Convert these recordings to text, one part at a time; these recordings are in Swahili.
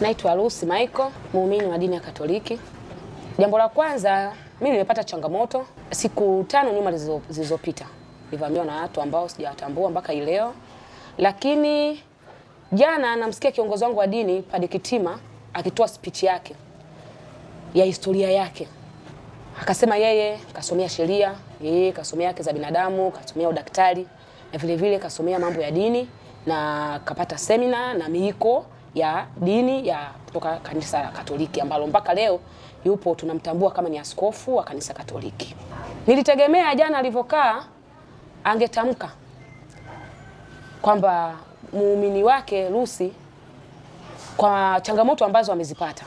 Naitwa Lucy Michael, muumini wa dini ya Katoliki. Jambo la kwanza, mimi nimepata changamoto siku tano nyuma zilizopita, nilivamiwa na watu ambao sijawatambua mpaka leo. Lakini jana namsikia kiongozi wangu wa dini Padre Kitima akitoa speech yake ya historia yake, akasema yeye kasomea sheria, yeye kasomea haki za binadamu, kasomea udaktari na vile vile kasomea mambo ya dini na kapata semina na miiko ya dini ya kutoka kanisa la Katoliki ambalo mpaka leo yupo tunamtambua kama ni askofu wa kanisa Katoliki. Nilitegemea jana alivyokaa angetamka kwamba muumini wake Lucy kwa changamoto ambazo amezipata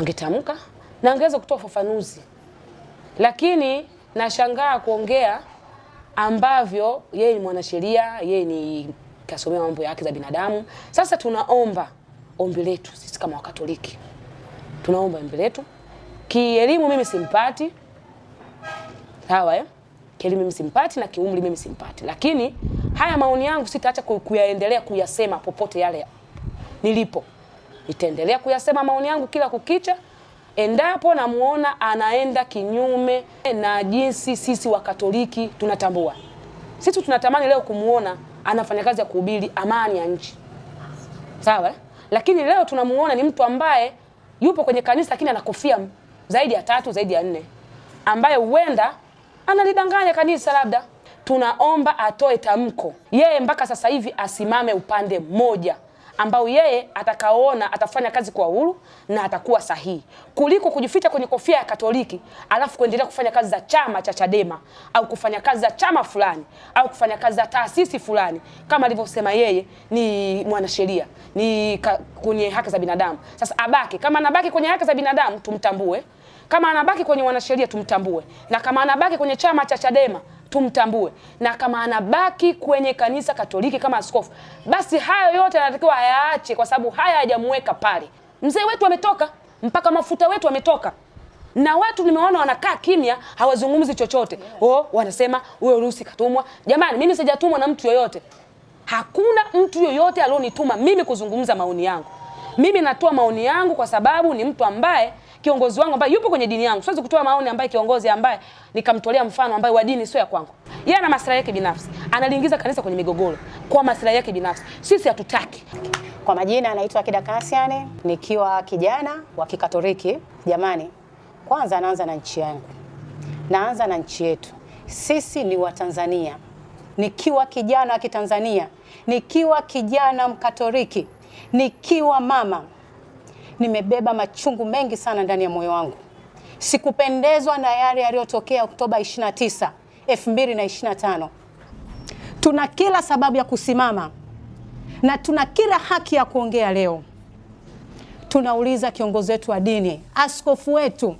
angetamka na angeweza kutoa ufafanuzi, lakini nashangaa kuongea ambavyo yeye ni mwanasheria, yeye ni akasomea mambo ya haki za binadamu. Sasa tunaomba ombi letu sisi kama Wakatoliki, tunaomba ombi letu kielimu. Mimi simpati sawa, eh? Kielimu mimi simpati na kiumri mimi simpati, lakini haya maoni yangu sitaacha kuyaendelea kuyasema popote yale nilipo. Nitaendelea kuyasema maoni yangu kila kukicha endapo namuona anaenda kinyume na jinsi sisi Wakatoliki tunatambua. Sisi tunatamani leo kumuona anafanya kazi ya kuhubiri amani ya nchi, sawa. Eh? Lakini leo tunamuona ni mtu ambaye yupo kwenye kanisa, lakini ana kofia zaidi ya tatu zaidi ya nne, ambaye huenda analidanganya kanisa labda. Tunaomba atoe tamko yeye, mpaka sasa hivi asimame upande mmoja ambao yeye atakaoona atafanya kazi kwa uhuru na atakuwa sahihi kuliko kujificha kwenye kofia ya Katoliki alafu kuendelea kufanya kazi za chama cha Chadema au kufanya kazi za chama fulani au kufanya kazi za taasisi fulani. Kama alivyosema yeye ni mwanasheria, ni kwenye haki za binadamu. Sasa abaki, kama anabaki kwenye haki za binadamu tumtambue, kama anabaki kwenye wanasheria tumtambue, na kama anabaki kwenye chama cha Chadema tumtambue, na kama anabaki kwenye kanisa Katoliki kama askofu, basi hayo yote anatakiwa ayaache, kwa sababu haya hajamweka pale. Mzee wetu ametoka, mpaka mafuta wetu ametoka na watu nimeona wanakaa kimya, hawazungumzi chochote yeah. Oh, wanasema huyo Urusi katumwa. Jamani, mimi sijatumwa na mtu yoyote. Hakuna mtu yoyote alionituma mimi kuzungumza maoni yangu. Mimi natoa maoni yangu kwa sababu ni mtu ambaye kiongozi wangu ambaye yupo kwenye dini yangu. Siwezi kutoa maoni ambaye kiongozi ambaye nikamtolea mfano ambaye wa dini sio ya kwangu. Yeye ana maslahi yake binafsi, analiingiza kanisa kwenye migogoro kwa maslahi yake binafsi. Sisi hatutaki. Kwa majina anaitwa Kida Kasiane, nikiwa kijana wa Kikatoliki. Jamani, kwanza naanza na nchi yangu, naanza na nchi yetu. Sisi ni Watanzania. Nikiwa kijana wa Kitanzania, nikiwa kijana Mkatoliki, nikiwa mama nimebeba machungu mengi sana ndani ya moyo wangu. Sikupendezwa na yale yaliyotokea Oktoba 29, 2025. Tuna kila sababu ya kusimama na tuna kila haki ya kuongea leo. Tunauliza kiongozi wetu wa dini, askofu wetu,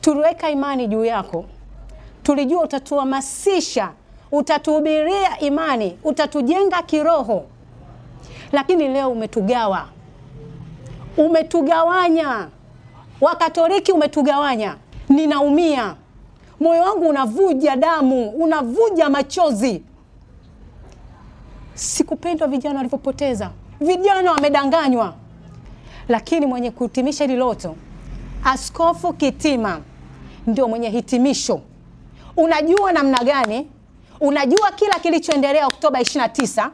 tuliweka imani juu yako, tulijua utatuhamasisha, utatuhubiria imani, utatujenga kiroho, lakini leo umetugawa umetugawanya, Wakatoliki umetugawanya. Ninaumia, moyo wangu unavuja damu, unavuja machozi. Sikupendwa vijana walivyopoteza, vijana wamedanganywa. Lakini mwenye kuhitimisha hili loto Askofu Kitima ndio mwenye hitimisho. Unajua namna gani? Unajua kila kilichoendelea Oktoba 29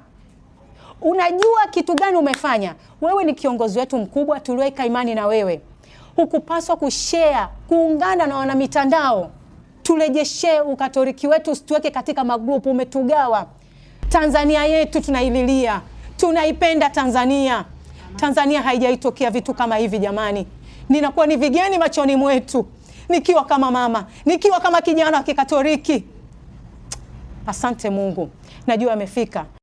unajua kitu gani umefanya. Wewe ni kiongozi wetu mkubwa, tuliweka imani na wewe. Hukupaswa kushare, kuungana na wanamitandao. Turejeshee ukatoriki wetu, usituweke katika magrupu. Umetugawa. Tanzania yetu tunaililia, tunaipenda Tanzania. Tanzania haijaitokea vitu kama hivi jamani, ninakuwa ni vigeni machoni mwetu, nikiwa kama mama, nikiwa kama kijana wa Kikatoliki. Asante Mungu, najua amefika.